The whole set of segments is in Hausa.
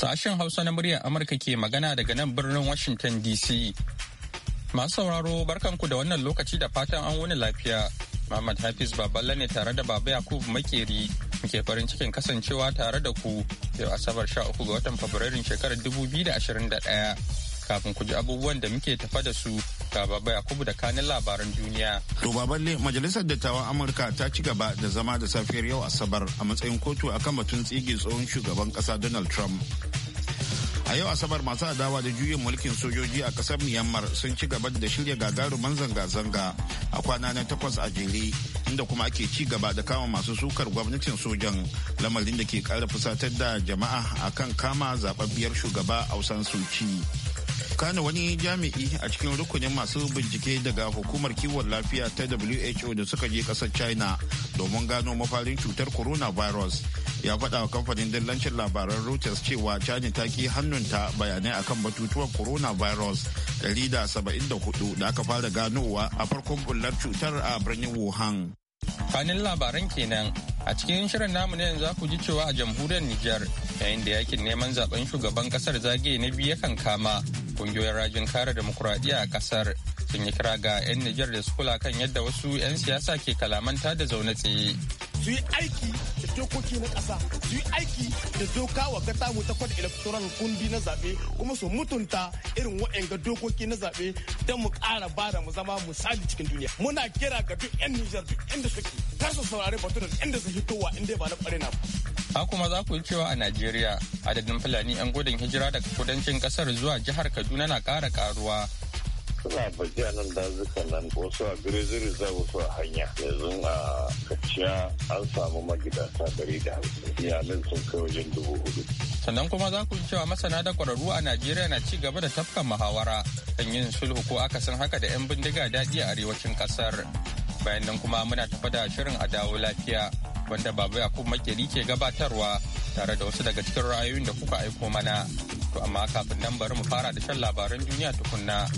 Sashen Hausa na muryar Amurka ke magana daga nan birnin Washington DC. Masu sauraro barkanku da wannan lokaci da fatan an wuni lafiya. Muhammad Hafiz Baballa ne tare da Baba Yakubu Makeri muke farin cikin kasancewa tare da ku yau Asabar 13 ga watan Fabrairun shekarar 2021. Kafin ku ji abubuwan da muke tafa da su ga Baba Yakubu da kanin labaran duniya. To Baballe Majalisar Dattawan Amurka ta ci gaba da zama da safiyar yau Asabar a matsayin kotu akan batun tsige tsohon shugaban kasa Donald Trump. a yau asabar masu adawa da juyin mulkin sojoji a kasar myanmar sun ci gaba da shirya gagarumin zanga-zanga a kwana na takwas a jere inda kuma ake ci gaba da kama masu sukar gwamnatin sojan lamarin da ke kara fusatar da jama'a a kan kama zababbiyar shugaba ausan suci kana wani jami'i a cikin rukunin masu bincike daga hukumar kiwon lafiya ta who da suka je kasar china domin gano mafarin cutar coronavirus ya faɗa wa kamfanin dillancin labaran Reuters cewa cajin ta ki hannunta bayanai akan batutuwan coronavirus 174 da aka fara ganowa a farkon bullar cutar a birnin Wuhan. fanin labaran kenan a cikin shirin namu na yanzu ku ji cewa a jamhuriyar Nijar yayin da yakin neman zaben shugaban kasar zagaye na biyu yakan kama kungiyoyin rajin kare demokuraɗiyya a kasar sun yi kira ga 'yan Nijar da su kula kan yadda wasu 'yan siyasa ke kalamanta da zaune tsaye. su yi aiki da dokoki na ƙasa su yi aiki da doka wa mu ta kwada electoral kundi na zabe kuma su mutunta irin ga dokoki na zabe don mu ƙara bada mu zama misali cikin duniya muna kira ga duk 'yan Nijar duk inda suke kar su saurari batun inda su hitowa inda ba na ƙware na Ha kuma za ku yi cewa a Najeriya adadin Fulani 'yan gudun hijira daga kudancin kasar zuwa jihar Kaduna na ƙara ƙaruwa suna bajiya nan nan dazukan nan wasu a graziri za wasu a hanya yanzu a kaciya an samu magidanta gari da hamsin iyalan sun kai wajen dubu hudu. sannan kuma za ku cewa masana da kwararru a najeriya na ci gaba da tafkan muhawara kan yin sulhu ko akasin haka da 'yan bindiga daɗi a arewacin ƙasar bayan nan kuma muna tafa da shirin a dawo lafiya wanda babu yakub makeri ke gabatarwa tare da wasu daga cikin ra'ayoyin da kuka aiko mana to amma kafin nan bari mu fara da shan labaran duniya tukunna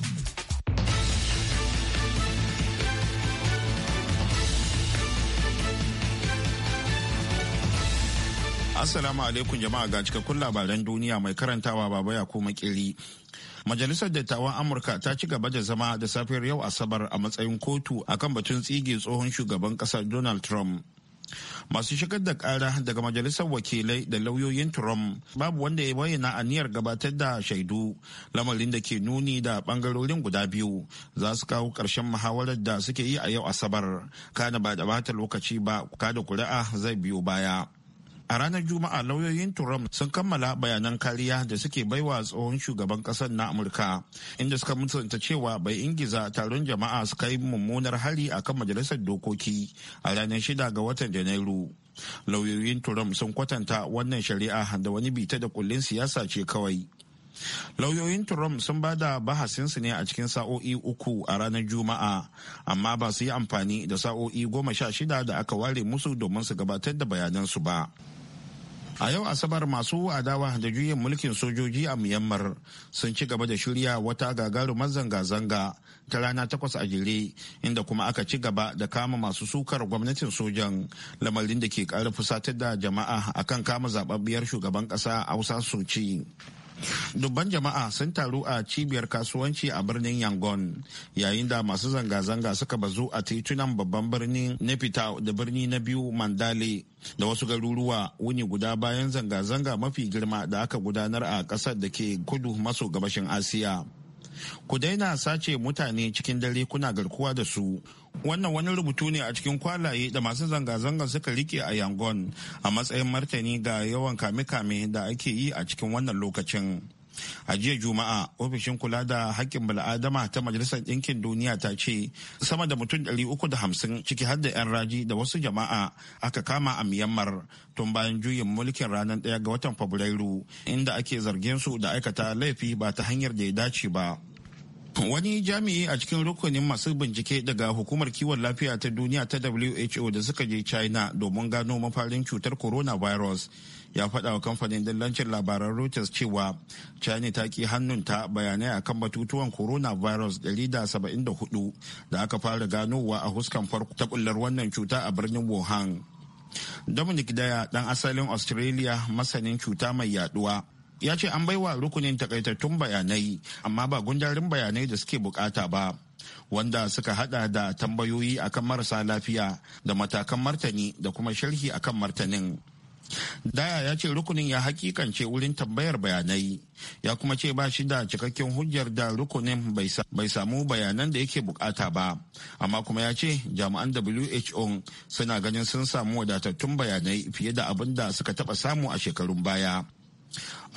Assalamu alaikum jama'a ga cikakkun labaran duniya mai karantawa baba ya kuma kiri. Majalisar Dattawan Amurka ta ci gaba da zama da safiyar yau Asabar a matsayin kotu a kan batun tsige tsohon shugaban kasar Donald Trump. Masu shigar da ƙara daga Majalisar Wakilai da lauyoyin Trump babu wanda ya bayyana aniyar gabatar da shaidu lamarin da ke nuni da bangarorin guda biyu za su kawo ƙarshen muhawarar da suke yi a yau Asabar kana ba da bata lokaci ba kada kuri'a zai biyo baya. A ranar Juma'a lauyoyin Trump sun kammala bayanan kariya da suke baiwa tsohon shugaban kasar na Amurka, inda suka mutunta cewa bai ingiza taron jama'a suka yi mummunar hari kan majalisar dokoki a ranar shida ga watan Janairu. Lauyoyin Trump sun kwatanta wannan shari'a da wani bita da kullin siyasa ce kawai. lauyoyin trump sun ba da bahasinsu ne a cikin sa'o'i uku a ranar juma'a amma ba su yi amfani da sa'o'i goma sha shida da aka ware musu domin su gabatar da bayanansu ba a yau asabar masu adawa da juyin mulkin sojoji a myanmar sun ci gaba da shirya wata gagarumar zanga-zanga ta rana takwas a jere inda kuma aka ci gaba da kama masu sukar gwamnatin sojan lamarin da ke ƙara fusatar da jama'a akan kama zababbiyar shugaban ƙasa hausa soci dubban jama'a sun taru a cibiyar kasuwanci a birnin yangon yayin da masu zanga-zanga suka bazu a titunan babban birnin nepita da birni na biyu mandale da wasu garuruwa wuni guda bayan zanga-zanga mafi girma da aka gudanar a ƙasar da ke kudu maso gabashin asiya ku daina sace mutane cikin dare kuna garkuwa da su wannan wani rubutu ne a cikin kwalaye da masu zanga-zanga suka rike a yangon a matsayin martani ga yawan kame-kame da ake yi a cikin wannan lokacin a jiya juma'a ofishin kula da haƙƙin bala'adama ta majalisar ɗinkin duniya ta ce sama da mutum ɗari uku da hamsin ciki har da 'yan raji da wasu jama'a aka kama a myanmar tun bayan juyin mulkin ranar ɗaya ga watan fabrairu inda ake zargin su da aikata laifi ba ta hanyar da ya dace ba Wani jami'i a cikin rukunin masu bincike daga hukumar kiwon lafiya ta duniya ta WHO da suka je China domin gano mafarin cutar coronavirus ya faɗa wa kamfanin dillancin labaran Reuters cewa China ta ki hannunta bayanai akan batutuwan coronavirus 174 da aka fara ganowa a huskan farko ta kullar wannan cuta a birnin Wuhan. Dominic Daya, ɗan asalin Australia masanin cuta mai yaduwa. ya ce an baiwa rukunin takaitattun bayanai amma ba gundarin bayanai da suke bukata ba wanda suka hada da tambayoyi akan marasa lafiya da matakan martani da kuma sharhi akan martanin daya ya ce rukunin ya hakikance wurin tambayar bayanai ya kuma ce ba shi da cikakken hujjar da rukunin bai samu bayanan da yake bukata ba amma kuma ya ce jami'an who suna ganin sun samu wadatattun bayanai fiye da abin da suka taba samu a shekarun baya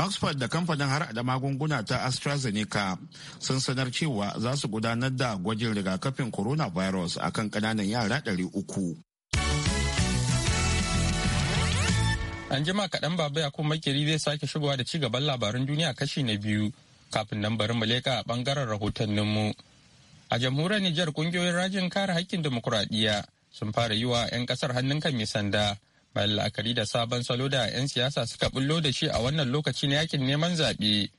oxford da kamfanin har da magunguna ta astrazeneca sun sanar cewa za su gudanar da gwajin rigakafin coronavirus a kan kananan yara 300 an jima kaɗan baba ya kuma makeri zai sake shigowa da ci gaban labaran duniya kashi na biyu kafin nan bari mu leka a ɓangaren rahotanninmu a jamhuriyar nijar kungiyoyin rajin kare haƙƙin demokuraɗiyya sun fara yi wa 'yan ƙasar hannun kan mai sanda bayan la'akari da sabon salo da 'yan siyasa suka bullo da shi a wannan lokaci na yakin neman zaɓe.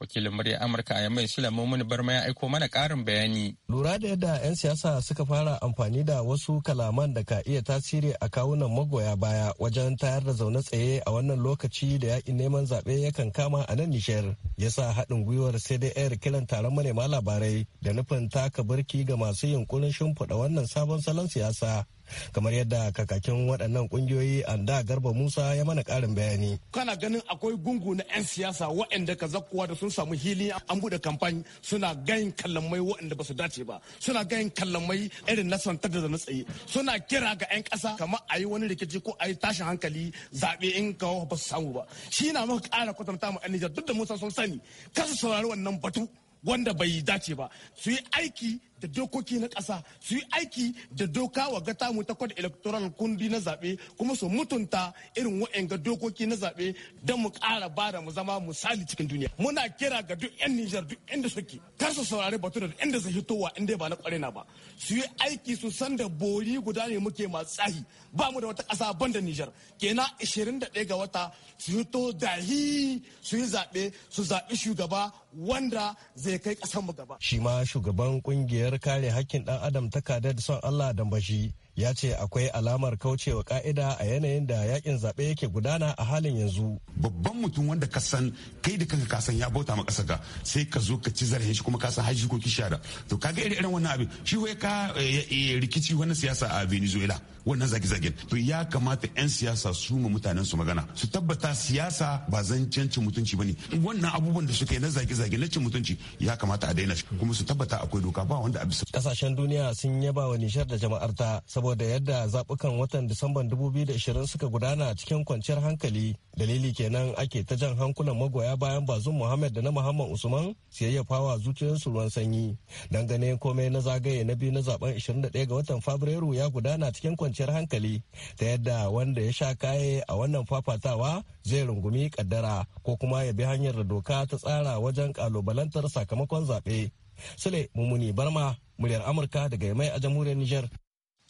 wakilin murya amurka a yammai bar barma ya aiko mana karin bayani lura da yadda 'yan siyasa suka fara amfani da wasu kalaman da ka iya tasiri a kawunan magoya baya wajen tayar da zaune tsaye a wannan lokaci da yakin neman zaɓe yakan kama a nan nishar ya sa haɗin gwiwar cdr kiran taron manema labarai da nufin taka birki ga masu yunkurin shimfiɗa wannan sabon salon siyasa kamar yadda kakakin waɗannan ƙungiyoyi anda garba musa ya mana ƙarin bayani kana ganin akwai gungu na 'yan siyasa waɗanda ka zakkuwa da sun samu hili an buɗe kamfani suna gayin kallamai waɗanda ba su dace ba suna gayin kallamai irin na santar da na tsaye suna kira ga 'yan ƙasa kamar a yi wani rikici ko a yi tashin hankali zaɓe in kawo ba su samu ba shi na muka ƙara kwatanta ma 'yan Nijar duk da musa sun sani kasu saurari wannan batu wanda bai dace ba su yi aiki da dokoki na ƙasa su yi aiki da doka wa gata mu ta kwada electoral kundi na zaɓe kuma su mutunta irin ga dokoki na zaɓe don mu ƙara ba mu zama misali cikin duniya muna kira ga duk 'yan nijar duk inda suke kar su saurari batu da inda su hitowa inda ba na ƙwarena ba su yi aiki su san da bori guda ne muke masu tsahi ba mu da wata ƙasa ban da nijar da 21 ga wata su hito dahi su yi zaɓe su zaɓi shugaba wanda zai kai ƙasar mu gaba shi ma shugaban ƙungiyar kare hakkin ɗan adam ta da son Allah da bashi ya ce akwai alamar kaucewa ka'ida a yanayin da yakin zaɓe yake gudana a halin yanzu. Babban mutum wanda ka san kai da kanka kasan ya bauta ma ƙasa sai ka zo ka ci zarafin shi kuma ka san haji ko kishiyara. To kaga irin irin wannan abin shi wai ka eh, eh, rikici wannan siyasa a Venezuela wannan zage-zagen. To ya kamata 'yan siyasa su ma mutanen su magana su tabbata siyasa ba zancen cin mutunci ba ne. Wannan abubuwan da suka yi na zage-zage na cin mutunci ya kamata a daina shi kuma su tabbata akwai doka ba wanda a bisa. Kasashen duniya sun yaba wa nishar da jama'ar ta saboda yadda zaɓukan watan Disamban 2020 suka gudana cikin kwanciyar hankali. Dalili kenan ake ta jan hankulan magoya bayan bazun Muhammad da na Muhammad Usman su fawa zuciyarsu ruwan sanyi. Dangane komai na zagaye na biyu na zaben 21 ga watan Fabrairu ya gudana cikin kwanciyar hankali ta yadda wanda ya sha kaye a wannan fafatawa zai rungumi kaddara ko kuma ya bi hanyar da doka ta tsara wajen kalubalantar sakamakon zaɓe. Sule Mumuni Barma, muryar Amurka daga Yamai a jamhuriyar Nijar.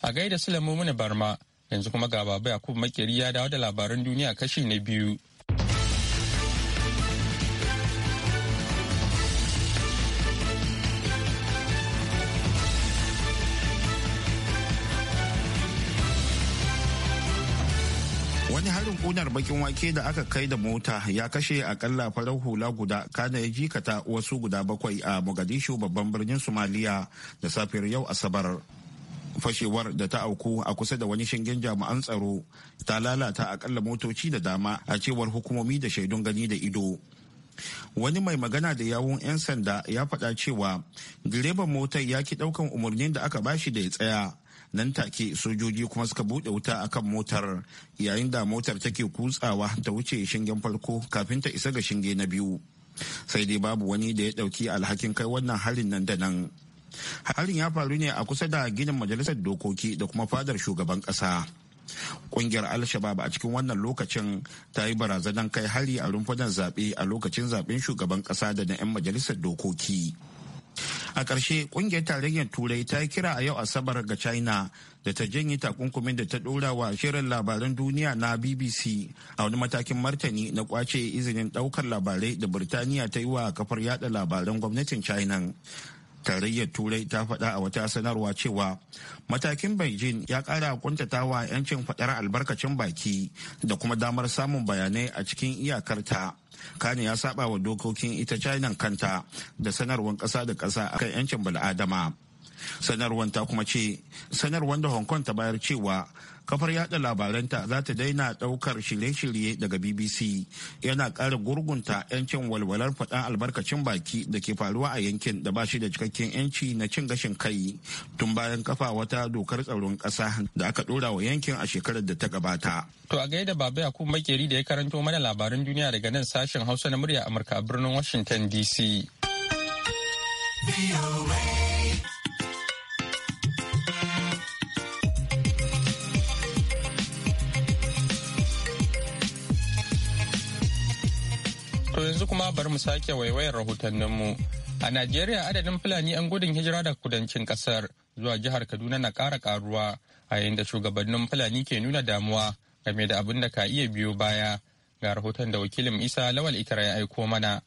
A gaida silamu Muni Barma yanzu kuma ga Baba kuma Makeri ya dawo da labaran duniya kashi na biyu. wani harin kunar bakin wake da aka kai da mota ya kashe akalla farar hula guda kana ya jikata wasu guda bakwai a mogadishu babban birnin somaliya da safiyar yau asabar fashewar da ta auku a kusa da wani shingen jami'an tsaro ta lalata akalla motoci da dama a cewar hukumomi da shaidun gani da ido wani mai magana da yawun 'yan sanda ya faɗa cewa direban motar ya ki ɗaukan umarnin da aka bashi da ya tsaya nan take sojoji kuma suka buɗe wuta akan motar yayin da motar take kutsawa ta wuce shingen farko kafin ta isa ga shinge na biyu sai dai babu wani da ya ɗauki alhakin kai wannan harin nan da nan harin ya faru ne a kusa da ginin majalisar dokoki da kuma fadar shugaban kasa kungiyar al-shabab a cikin wannan lokacin ta yi barazanar kai hari a rumfunan zaɓe a lokacin zaɓen shugaban ƙasa da na 'yan majalisar dokoki a ƙarshe kungiyar tarayyar turai ta yi kira a yau asabar ga china da ta janye takunkumin da ta ɗora wa shirin labaran duniya na bbc a wani matakin martani na kwace izinin ɗaukar labarai da birtaniya ta yi wa kafar yada labaran gwamnatin china tarayyar turai ta faɗa a wata sanarwa cewa matakin beijing ya ƙara kuntatawa 'yancin faɗar albarkacin baki da kuma damar samun bayanai a cikin iyakarta kane ya saba wa dokokin ita china kanta da sanarwar ƙasa da ƙasa akan 'yancin bal'adama. sanarwar ta kuma ce sanarwar da hong kong ta bayar cewa kafar yada labaranta za ta daina daukar shirye-shirye daga bbc yana ƙara gurgunta 'yancin walwalar faɗan albarkacin baki da ke faruwa a yankin da ba shi da cikakken 'yanci na cin gashin kai tun bayan kafa wata dokar tsaron kasa da aka ɗora wa yankin a shekarar da ta gabata. to a gaida baba yakub makeri da ya karanto mana labaran duniya daga nan sashen hausa na murya amurka a birnin washington dc. yanzu kuma bari mu sake waiwayar rahotanninmu. A Najeriya adadin Fulani 'yan gudun hijira da kudancin kasar zuwa jihar Kaduna na ƙara ƙaruwa a yayin da shugabannin Fulani ke nuna damuwa game da abin da ka iya biyo baya. Ga rahoton da wakilin Isa Lawal Ikara ya aiko mana.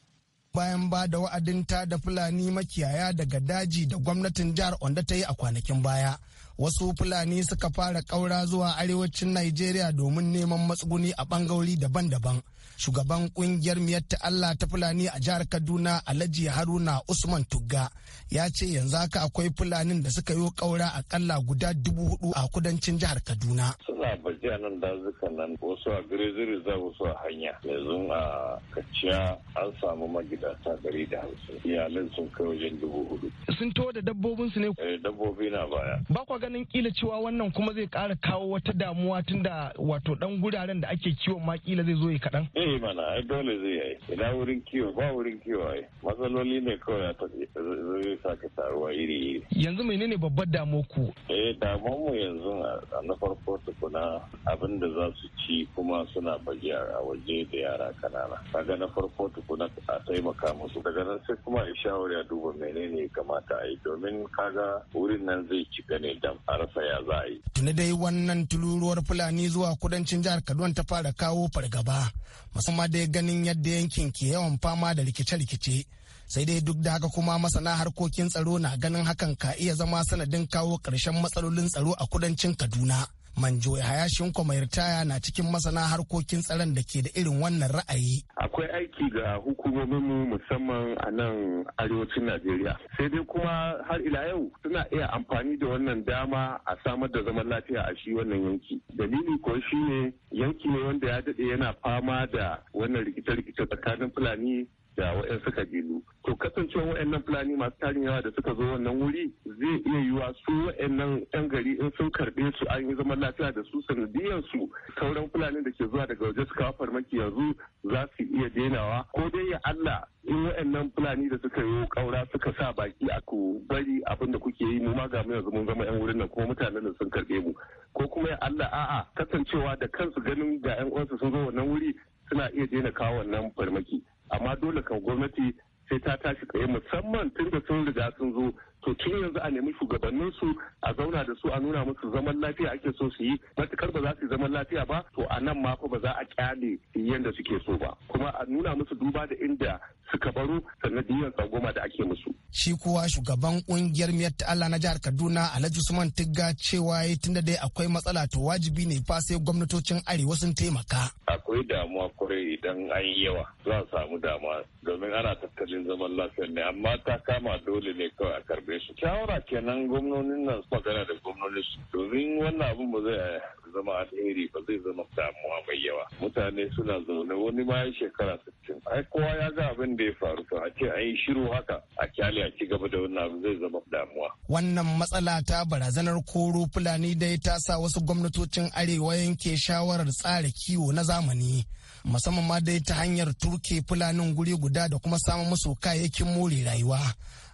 bayan ba da wa'adin da fulani makiyaya daga daji da gwamnatin jihar Onda ta yi a kwanakin baya. wasu fulani suka fara ƙaura zuwa arewacin Najeriya domin neman matsuguni a ɓangarori daban-daban. Shugaban ƙungiyar miyatta Allah ta fulani a jihar Kaduna Alhaji Haruna Usman Tugga ya ce yanzu haka akwai fulanin da suka yi ƙaura akalla guda dubu hudu a kudancin jihar Kaduna. Suna baje nan dazukan nan wasu a gire za wasu a hanya. Yanzu a kaciya an samu magidata gari da hamsin. Iyalin sun kai wajen dubu hudu. Sun to da dabbobinsu ne? Eh, dabbobi na baya. Ba ganin kila cewa wannan kuma zai kara kawo wata damuwa tunda wato dan guraren da ake kiwon ma kila zai zo ya kaɗan. Eh mana dole zai yi ina wurin kiwo ba wurin kiwo ai matsaloli ne kawai zai sa ka taruwa iri iri. Yanzu menene babbar damuwa ku? Eh damuwar mu yanzu a na farko tukuna abin da za su ci kuma suna baje a waje da yara kanana. Kaga na farko tukuna a taimaka musu daga nan sai kuma a shawara duba menene kamata a yi domin kaga wurin nan zai ci gane da a ya za a yi. Tuni dai wannan tururuwar Fulani zuwa kudancin jihar Kaduna ta fara kawo fargaba musamman dai ganin yadda yankin ke yawan fama da rikice-rikice. Sai dai duk da haka kuma masana harkokin tsaro na ganin hakan ka iya zama sanadin kawo ƙarshen matsalolin tsaro a kudancin Kaduna. manjo hayashin mai ritaya na cikin masana harkokin tsaron da ke da irin wannan ra'ayi akwai aiki ga hukumominmu musamman a nan arewacin najeriya sai dai kuma har ila yau suna iya amfani da wannan dama a samar da zaman lafiya a shi wannan yanki dalili ko shine yanki ne wanda ya daɗe yana fama da wannan rikice-rikice tsakanin fulani da suka jilu to kasancewa waɗannan fulani masu tarin yawa da suka zo wannan wuri zai iya yiwa su waɗannan yan gari in sun karɓe su an yi zaman lafiya da su sanadiyan su sauran fulani da ke zuwa daga waje suka kawo farmaki yanzu za su iya denawa ko dai ya Allah in waɗannan fulani da suka yi ƙaura suka sa baki a ku bari abin da kuke yi mu ma ga mu yanzu mun zama yan wurin nan kuma mutanen nan sun karɓe mu ko kuma ya Allah a'a kasancewa da kansu ganin ga yan uwansu sun zo wannan wuri suna iya daina kawo wannan farmaki amma dole kan gwamnati sai ta tashi tsaye musamman tun da sun riga sun zo to tun yanzu a nemi shugabannin su a zauna da su a nuna musu zaman lafiya ake so su yi matukar ba za su yi zaman lafiya ba to a nan ma fa ba za a kyale yanda suke so ba kuma a nuna musu duba da inda suka baro sannan diyan goma da ake musu shi kuwa shugaban kungiyar miyar ta Allah na jihar Kaduna Alhaji Usman Tigga cewa ya yi tunda dai akwai matsala to wajibi ne fa sai gwamnatocin arewa sun taimaka akwai damuwa kwarai idan an yi yawa za a samu damuwa domin ana tattalin zaman lafiyar ne amma ta kama dole ne kawai a karbe gare su shawara kenan gwamnonin nan su magana da gwamnonin su domin wannan abin ba zai zama alheri ba zai zama damuwa mai yawa mutane suna zaune wani bayan shekara sittin ai kowa ya ga abin da ya faru to a ce an yi shiru haka a kyale a ci gaba da wannan abu zai zama damuwa wannan matsala ta barazanar koro fulani dai ta sa wasu gwamnatocin arewa yanke shawarar tsara kiwo na zamani musamman ma dai ta hanyar turke fulanin guri guda da kuma samun musu kayayyakin more rayuwa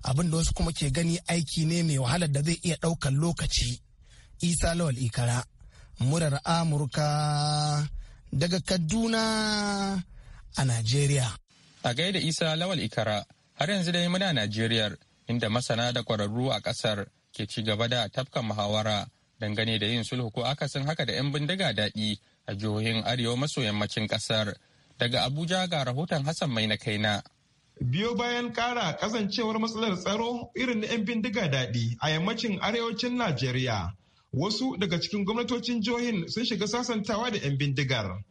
abin da wasu kuma ke gani aiki ne mai wahalar da zai iya ɗaukar lokaci isa lawal ikara murar amurka daga kaduna a najeriya a gaida isa lawal ikara har yanzu dai muna najeriyar inda masana da kwararru a ƙasar ke ci gaba da tafkan muhawara dangane da yin sulhu ko akasin haka da 'yan bindiga daɗi a jihohin arewa maso yammacin ƙasar daga abuja ga rahoton hassan mai na kaina biyo bayan kara kasancewar matsalar tsaro irin na 'yan bindiga daɗi a yammacin arewacin najeriya wasu daga cikin gwamnatocin jihohin sun shiga sasantawa da 'yan bindigar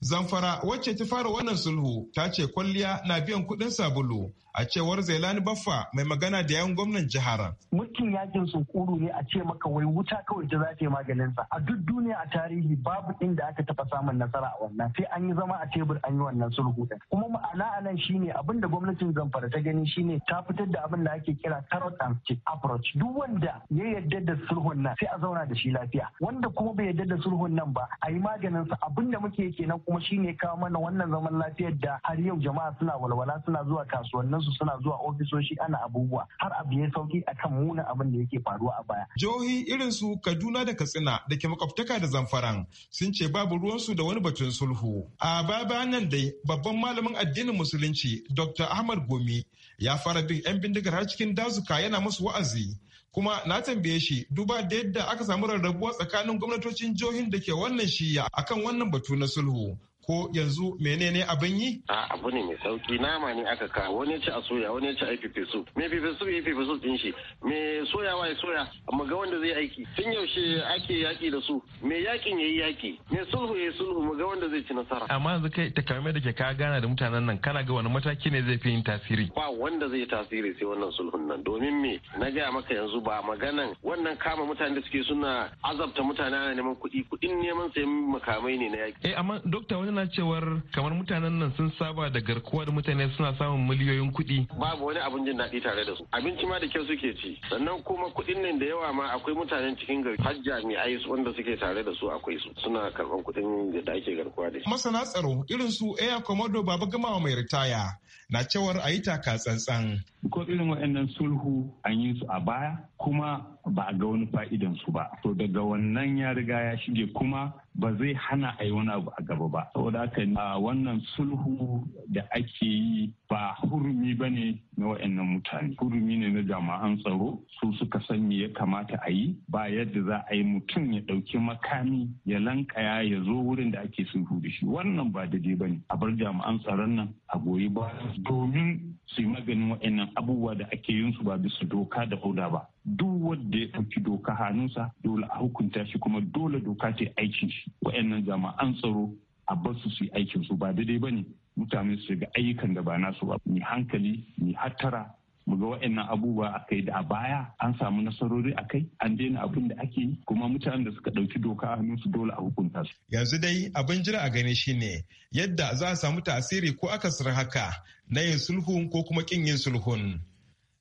zamfara wacce ta fara wannan sulhu ta ce kwalliya na biyan kuɗin sabulu a cewar zailani baffa mai magana da yan gwamnan jihar mulkin yakin sunkuru ne a ce maka wai wuta kawai ta zata yi maganin sa a duk duniya a tarihi babu inda aka taba samun nasara a wannan sai an yi zama a tebur an yi wannan sulhu din kuma ma'ana a nan shine abin da gwamnatin zamfara ta gani shine ta fitar da abin da ake kira carrot and stick approach duk wanda ya yarda da sulhun nan sai a zauna da shi lafiya wanda kuma bai yarda da sulhun nan ba a yi maganin sa abin da muke kenan kuma shine kawo mana wannan zaman lafiyar da har yau jama'a suna walwala suna zuwa kasuwannin su suna zuwa ofisoshi ana abubuwa har abu ya sauki a kan munin abin da yake faruwa a baya. Jihohi irin su Kaduna da Katsina da ke makwabtaka da Zamfaran sun ce babu ruwan su da wani batun sulhu. A baya nan dai babban malamin addinin musulunci Dr. Ahmad Gomi ya fara bin 'yan bindigar har cikin dazuka yana musu wa'azi. kuma na tambaye shi duba da yadda aka samu rarrabuwa tsakanin gwamnatocin jihohin da ke wannan shiya akan wannan batu na sulhu ko yanzu menene abin yi? A abu ne mai sauki nama ne aka kawo wani ci a soya wani ci a fife su. Me fife su yi fife su din shi. Me soya ya soya amma ga wanda zai aiki. Tun yaushe ake yaki da su. Me yakin yayi yaki. Me sulhu yayi sulhu mu ga wanda zai ci nasara. Amma yanzu kai takamaimai da ke ka gana da mutanen nan kana ga wani mataki ne zai fi yin tasiri. Ba wanda zai tasiri sai wannan sulhun nan domin me na gaya maka yanzu ba maganan wannan kama mutane da suke suna azabta mutane ana neman kuɗi kuɗin neman sayan makamai ne na yaki. Eh amma dokta wani suna cewar kamar mutanen nan sun saba da garkuwa da mutane suna samun miliyoyin kuɗi. Babu wani abin jin daɗi tare da su. Abinci ma da kyau suke ci. Sannan kuma kuɗin nan da yawa ma akwai mutanen cikin gari har jami'ai wanda suke tare da su akwai su suna karɓar kuɗin da ake garkuwa da shi. Masana tsaro irin su Eya Komodo Baba Gamawa mai ritaya na cewar a yi taka tsantsan. Ko irin waɗannan sulhu an yi su a baya kuma ba a ga wani fa'idan su ba to daga wannan ya riga ya shige kuma ba zai hana a yi wani abu a gaba ba saboda haka wannan sulhu da ake yi ba hurumi ba ne na wa'annan mutane hurumi ne na jama'an tsaro su suka san me ya kamata a yi ba yadda za a yi mutum ya ɗauki makami ya lankaya ya zo wurin da ake sulhu da shi wannan ba daidai ba ne a bar jama'an tsaron nan a goyi ba domin su yi maganin wa'annan abubuwa da ake yin su ba bisa doka da oda ba duk wanda ya ɗauki doka hannunsa dole a hukunta shi kuma dole doka ta aikin shi wa'annan jama'an tsaro a bar su yi aikin su ba daidai ba ne mutane su ga ayyukan da ba nasu ba ni hankali ni hattara mu ga wa'annan abubuwa a kai da a baya an samu nasarori a kai an daina abin da ake yi kuma mutanen da suka ɗauki doka a dole a hukunta su. yanzu dai abin jira a gani shine yadda za a samu tasiri ko aka sirri haka na yin sulhun ko kuma kin yin sulhun.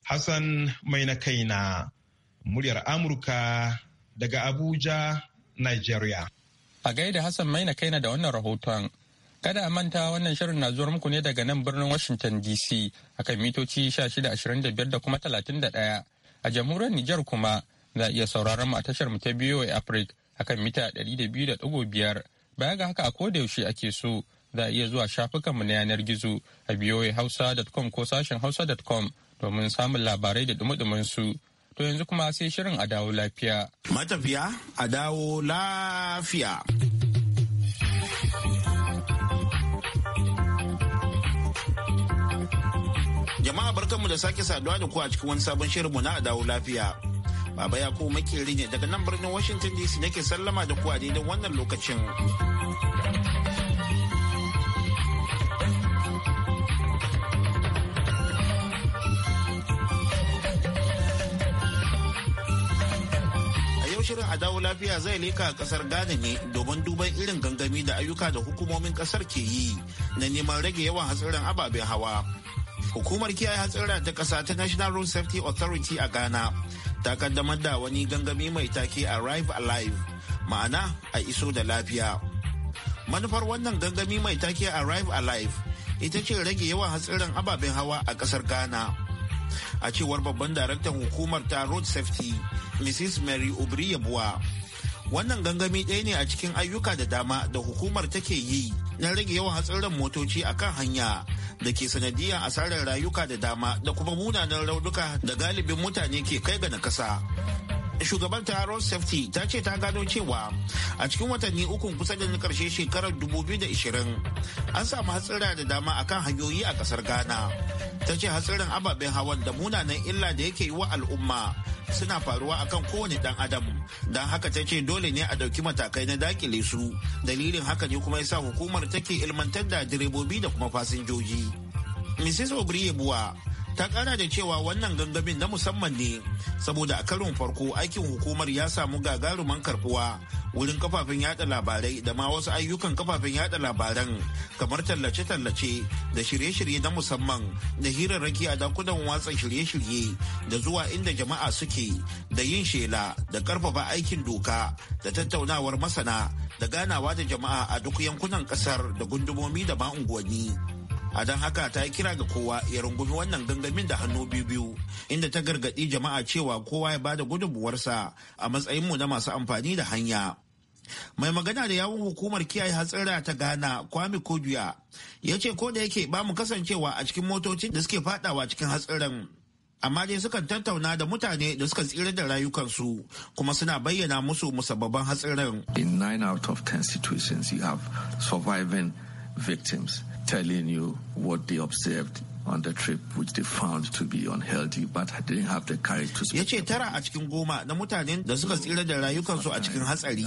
hassan mai na kaina muryar Amurka daga Abuja, Nigeria. A gaida Hassan Maina na da wannan rahoton. Kada a manta wannan shirin na zuwa muku ne daga nan birnin Washington DC A kan mitoci 1625 da kuma 31. A jamhuriyar Nijar kuma za a iya sauraron a tashar mu ta biyo BOA a kan mita 200.5. Baya ga haka a kodayaushe yaushe ake so za a iya zuwa shafukanmu na yanar gizo a hausa.com ko sashen hausa.com domin samun labarai da dumudumin su. To yanzu kuma sai shirin a dawo lafiya. Matafiya a dawo lafiya. Jama'a barkanmu da sake saduwa da ku a cikin wani sabon shirin mu na a dawo lafiya. Baba ya ko makeri ne daga nan birnin Washington DC nake sallama da ku a daidai wannan lokacin. shirin a lafiya zai leka a kasar Ghana ne domin duban irin gangami da ayyuka da hukumomin kasar ke yi na neman rage yawan hatsarin ababen hawa. Hukumar kiyaye hatsira ta kasa ta National Road Safety Authority a Ghana ta kaddamar da wani gangami mai take Arrive Alive, ma'ana a iso da lafiya. Manufar wannan gangami mai take Arrive Alive ita ce rage yawan hatsarin ababen hawa a kasar Ghana. A cewar babban daraktan hukumar ta Road Safety Mrs. Mary Obri Yabuwa. Wannan gangami ɗaya ne a cikin ayyuka da dama da hukumar take yi na rage yawan hatsarin motoci a kan hanya da ke sanadiyar asarar rayuka da dama da kuma munanan raunuka da galibin mutane ke kai ga nakasa. shugabar taron safety ta ce ta gano cewa a cikin watanni uku kusa da na karshe shekarar 2020 an samu hatsira da dama akan hanyoyi a kasar ghana ta ce hatsirin ababen hawan da munanan illa da yake yi wa al'umma suna faruwa akan kowane dan adam don haka ta ce dole ne a dauki matakai na dakile su dalilin haka ne kuma ya sa hukumar take ilmantar da direbobi da kuma fasinjoji mrs obriyebuwa ta kara da cewa wannan gangamin na musamman ne saboda a karin farko aikin hukumar ya samu gagaruman karbuwa wurin kafafen yada labarai da ma wasu ayyukan kafafen yada labaran kamar tallace-tallace da shirye-shirye na musamman da raki a dakunan watsa shirye-shirye da zuwa inda jama'a suke da yin shela da karfafa aikin doka da tattaunawar masana da ganawa da jama'a a duk yankunan kasar da gundumomi da ma unguwanni. a don haka ta yi kira ga kowa ya rungumi wannan gangamin da hannu biyu biyu inda ta gargadi jama'a cewa kowa ya bada gudunmuwarsa a matsayin mu na masu amfani da hanya mai magana da yawun hukumar kiyaye hatsira ta ghana kwami koduya ya ce ko da yake ba mu kasancewa a cikin motocin da suke fadawa cikin hatsirin amma dai sukan tattauna da mutane da suka tsira da rayukansu kuma suna bayyana musu musabbaban hatsirin in nine out of ten situations you have surviving victims telling you what they observed on the trip which they found to be unhealthy but didn't have the courage to speak. Yace tara a cikin goma na mutanen da suka tsira da rayukansu a cikin hatsari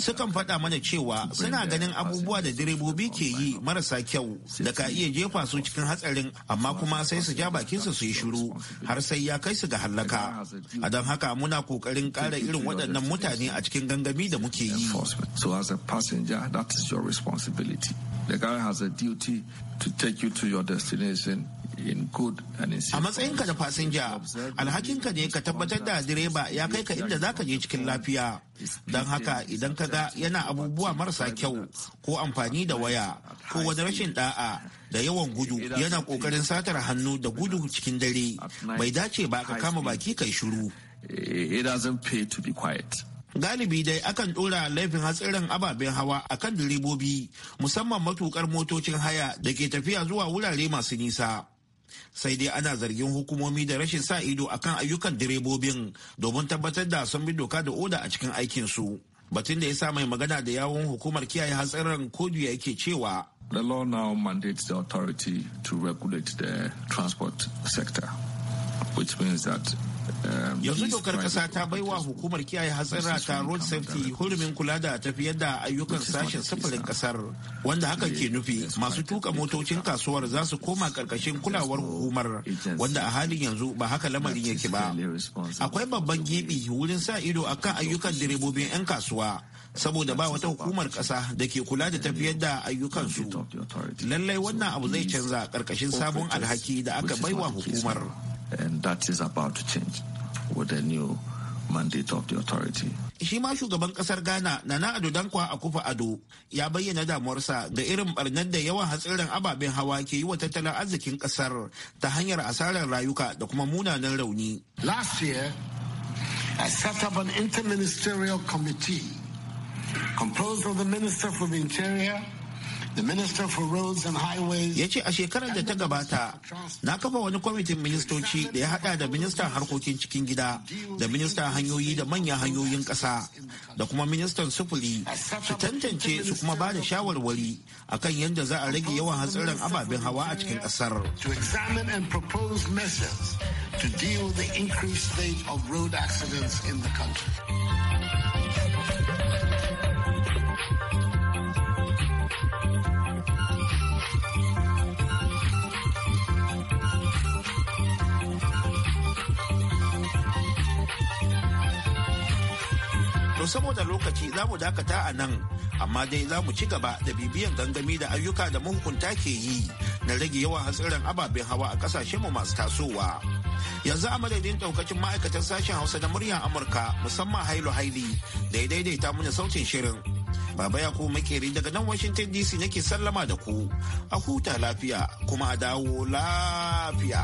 sukan faɗa mana cewa suna ganin abubuwa da direbobi ke yi marasa kyau da ka iya jefa su cikin hatsarin amma kuma sai su ja bakinsu su yi shiru har sai ya kai su ga hallaka. A don haka muna kokarin ƙara irin waɗannan mutane a cikin gangami da muke yi. So as a passenger that is your responsibility. a to matsayinka da fasinja, alhakinka ne ka tabbatar da direba ya kai ka inda zaka je cikin lafiya. Don haka idan ka ga yana abubuwa marasa kyau ko amfani da waya ko wani rashin da'a da yawan gudu yana kokarin satar hannu da gudu cikin dare bai dace ba ka kama baki kai shiru. It doesn't pay galibi dai akan dora laifin hatsirin ababen hawa akan direbobi musamman matukar motocin haya da ke tafiya zuwa wurare masu nisa sai dai ana zargin hukumomi da rashin sa ido akan ayyukan direbobin domin tabbatar da sun bi doka da oda a cikin aikinsu batun da ya sa mai magana da yawon hukumar kiyaye hatsarin kodu yake cewa The law now mandates the authority to regulate the transport sector, which means that Um, yanzu dokar kasa ta bai wa hukumar kiyaye hatsara ta road safety hurumin kula da tafiyar da ayyukan sashen sufurin kasar wanda hakan ke nufi masu tuka motocin kasuwar za su koma karkashin kulawar hukumar wanda a halin yanzu ba haka lamarin yake ba akwai babban gibi wurin sa ido a kan ayyukan direbobin 'yan kasuwa saboda ba wata hukumar kasa da ke kula da tafiyar da ayyukansu lallai wannan abu zai canza karkashin sabon alhaki da aka baiwa hukumar and that is about to change with the new mandate of the authority. Shi ma shugaban kasar Ghana Nana Ado Dankwa Akufa Ado ya bayyana damuwarsa irin barnar da yawan hatsarin ababen hawa ke yi wa tattalin arzikin kasar ta hanyar asarar rayuka da kuma munanan rauni. Last year, I set up an interministerial committee composed of the Minister for the Interior, ya ce a shekarar da ta gabata na kafa wani kwamitin ministoci da ya hada da ministan harkokin cikin gida da ministan hanyoyi da manyan hanyoyin kasa da kuma ministan sufuri su tantance su kuma ba da shawarwari akan yadda za a rage yawan hatsarin ababen hawa a cikin ƙasar to deal with the increased rate of road accidents in the country. To saboda lokaci za mu dakata a nan, amma dai za mu ci gaba da bibiyan gangami da ayyuka da mahukunta ke yi na rage yawan hatsarin ababen hawa a mu masu tasowa. Yanzu a madadin daukacin ma'aikatan sashen Hausa da muryar Amurka musamman Hailu Haili da ya daidaita mana sautin shirin. Baba ya ku makeri daga nan Washington DC nake sallama da ku. A huta lafiya kuma a dawo lafiya.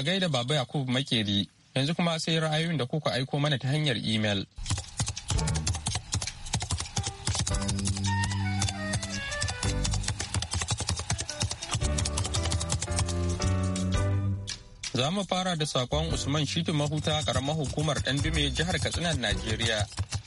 a gaida Baba Yakubu Makeri yanzu kuma sai ra'ayoyin da kuka aiko mana ta hanyar imel. Za mu fara da sakon Usman Shitu Mahuta karamar hukumar dume jihar Katsina Najeriya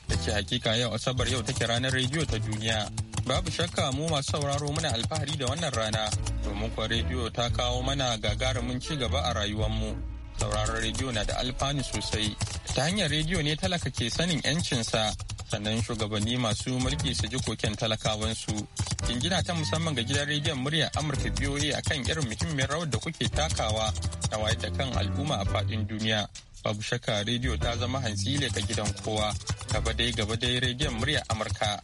da ke hakika yau Asabar yau take ranar rediyo ta duniya. Babu shakka mu masu sauraro muna alfahari da wannan rana domin kwa rediyo ta kawo mana gagarumin ci gaba a rayuwar mu Sauraron rediyo na da alfani sosai. Ta hanyar rediyo ne talaka ke sanin 'yancinsa sannan shugabanni masu mulki su ji koken talakawansu. Jingina ta musamman ga gidan rediyon muryar Amurka a kan irin muhimmiyar rawar da kuke takawa na wayar da kan al'umma a faɗin duniya. babu shakka rediyo ta zama ne ga gidan kowa gaba dai gaba dai rediyon murya amurka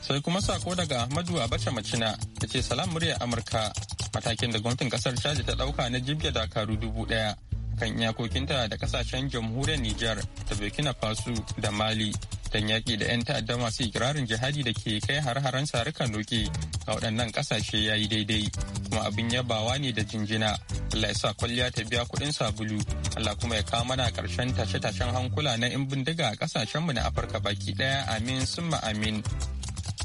sai kuma sako daga ahmadu abacha macina da ce salam murya amurka matakin da gwamnatin kasar chad ta dauka na jibge dakaru dubu daya kan iyakokinta da kasashen jamhuriyar nijar da burkina faso da mali don yaƙi da 'yan ta'adda masu ikirarin jihadi da ke kai har-haren sarukan noke a waɗannan ƙasashe ya yi daidai kuma abin yabawa ne da jinjina Allah ya sa kwalliya ta biya kuɗin sabulu Allah kuma ya kawo mana ƙarshen tashe-tashen hankula na 'yan bindiga a ƙasashenmu na Afirka baki ɗaya amin summa amin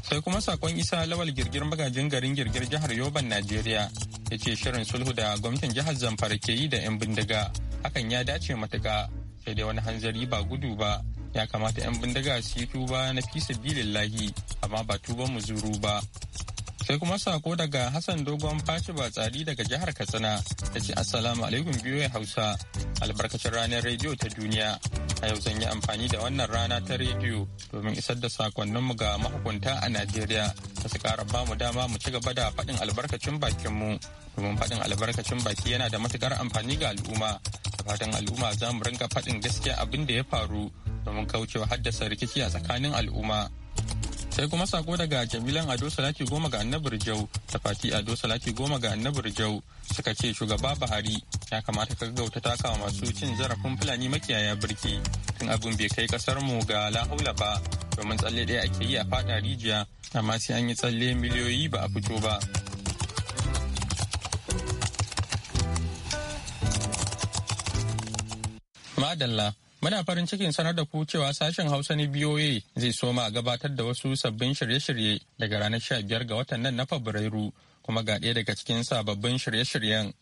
sai kuma sakon isa lawal girgir magajin garin girgir jihar yoban najeriya ya ce shirin sulhu da gwamnatin jihar zamfara ke yi da 'yan bindiga hakan ya dace matuka sai dai wani hanzari ba gudu ba ya kamata 'yan bindiga su yi tuba na fi bilillahi amma ba tuba mu zuru ba sai kuma sako daga hassan dogon fashi ba tsari daga jihar katsina ya ce assalamu alaikum biyu hausa albarkacin ranar rediyo ta duniya A yau zan yi amfani da wannan rana ta rediyo domin isar da sakonninmu ga mahukunta a Najeriya da su kara bamu dama mu ci gaba da faɗin albarkacin bakinmu. Domin faɗin albarkacin baki yana da matukar amfani ga al'umma. Da fatan al'umma za mu rinka faɗin gaskiya abin da ya faru domin kaucewa haddasa rikici a tsakanin al'umma. sai kuma sako daga jamilan ado salati goma ga annabar jau fati ado salati goma ga annabar jau suka ce shugaba buhari ya kamata ka gauta takawa masu cin zarafin fulani makiyaya birki tun abin bai kai kasar mu ga lahaula ba domin tsalle ɗaya ake yi a fada rijiya amma sai an yi tsalle miliyoyi ba a fito ba madalla Muna farin cikin sanar da ku cewa sashen Hausa ne BOA zai soma a gabatar da wasu sabbin shirye-shirye daga ranar 15 ga watan nan na Fabrairu kuma ga ɗaya daga cikin sababbin shirye-shiryen.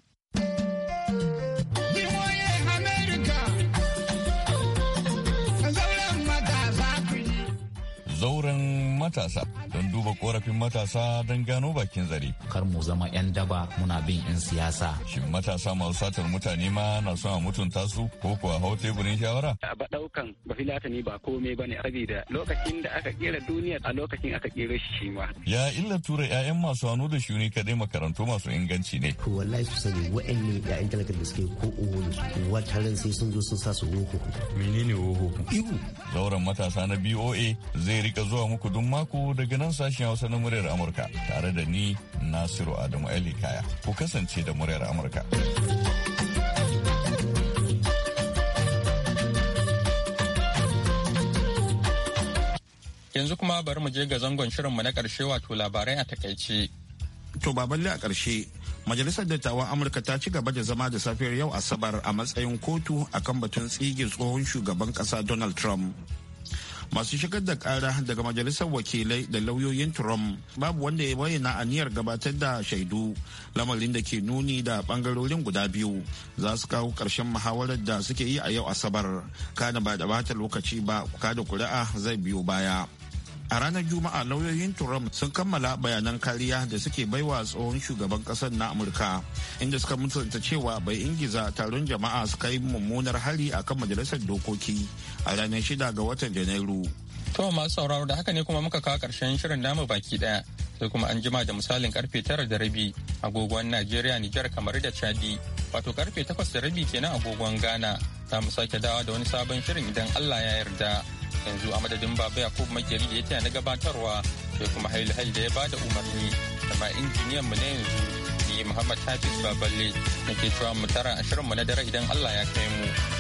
Zauren matasa don duba korafin matasa don gano bakin zare. Kar mu zama 'yan daba muna bin 'yan siyasa. Shin matasa masu satar mutane ma na son a mutunta su ko kuwa hau teburin shawara? A ba daukan ba ba komai ba ne saboda lokacin da aka kera duniya a lokacin aka kera shi ma. Ya illa tura 'ya'yan masu hannu da shuni kadai makarantu masu inganci ne. To wallahi su sani wa'anne 'ya'yan talakar da suke ko uwo su su sai sun zo sun sa su woho. Menene woho? Ihu. Zauren matasa na BOA zai rika zuwa muku duk mako daga nan sashen Hausa na muryar Amurka tare da ni Nasiru Adamu Ali Kaya. Ku kasance da muryar Amurka. Yanzu kuma bari mu je ga zangon shirin mu na ƙarshe wato labarai a takaice. To baballe a ƙarshe Majalisar Dattawan Amurka ta ci gaba da zama da safiyar yau Asabar a matsayin kotu akan batun tsige tsohon shugaban kasa Donald Trump. masu shigar da kara daga majalisar wakilai da lauyoyin trump babu wanda ya bayyana niyyar gabatar da shaidu lamarin da ke nuni da bangarorin guda biyu za su kawo karshen muhawarar da suke yi a yau asabar kana ba da bata lokaci ba kada kuri'a zai biyo baya a ranar juma'a lauyoyin trump sun kammala bayanan kariya da suke baiwa tsohon shugaban kasar na amurka inda suka mutunta cewa bai ingiza taron jama'a su kai mummunar hari kan majalisar dokoki a ranar shida ga watan janairu to masu sauraro da haka ne kuma muka kawo karshen shirin namu baki daya sai kuma an jima da misalin karfe tara da rabi agogon najeriya nijar kamar da chadi wato karfe takwas da rabi kenan agogon ghana za mu sake dawa da wani sabon shirin idan allah ya yarda yanzu a madadin baba yakub makeri da ya taya na gabatarwa sai kuma hail da ya bada umarni da ma injiniyan mu na yanzu ni muhammad hafiz baballe nake cewa mu tara ashirin mu na dare idan allah ya kai mu